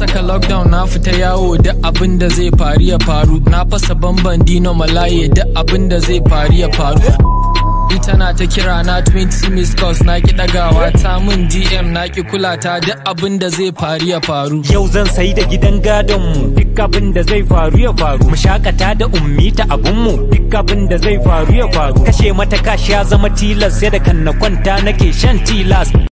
saka lockdown na fita yawo da abin da zai faru ya faru na fasa bamban dino malaye da abin da zai faru ya faru ita na ta kira na 20 miss calls na ki dagawa ta min dm na ki kula ta duk abin da zai faru ya faru yau zan sayi da gidan gadon mu duk abin da zai faru ya faru mu shakata da ummi ta abun mu duk abin da zai faru ya faru kashe mata kashi ya zama tilas sai da kan na kwanta nake shan tilas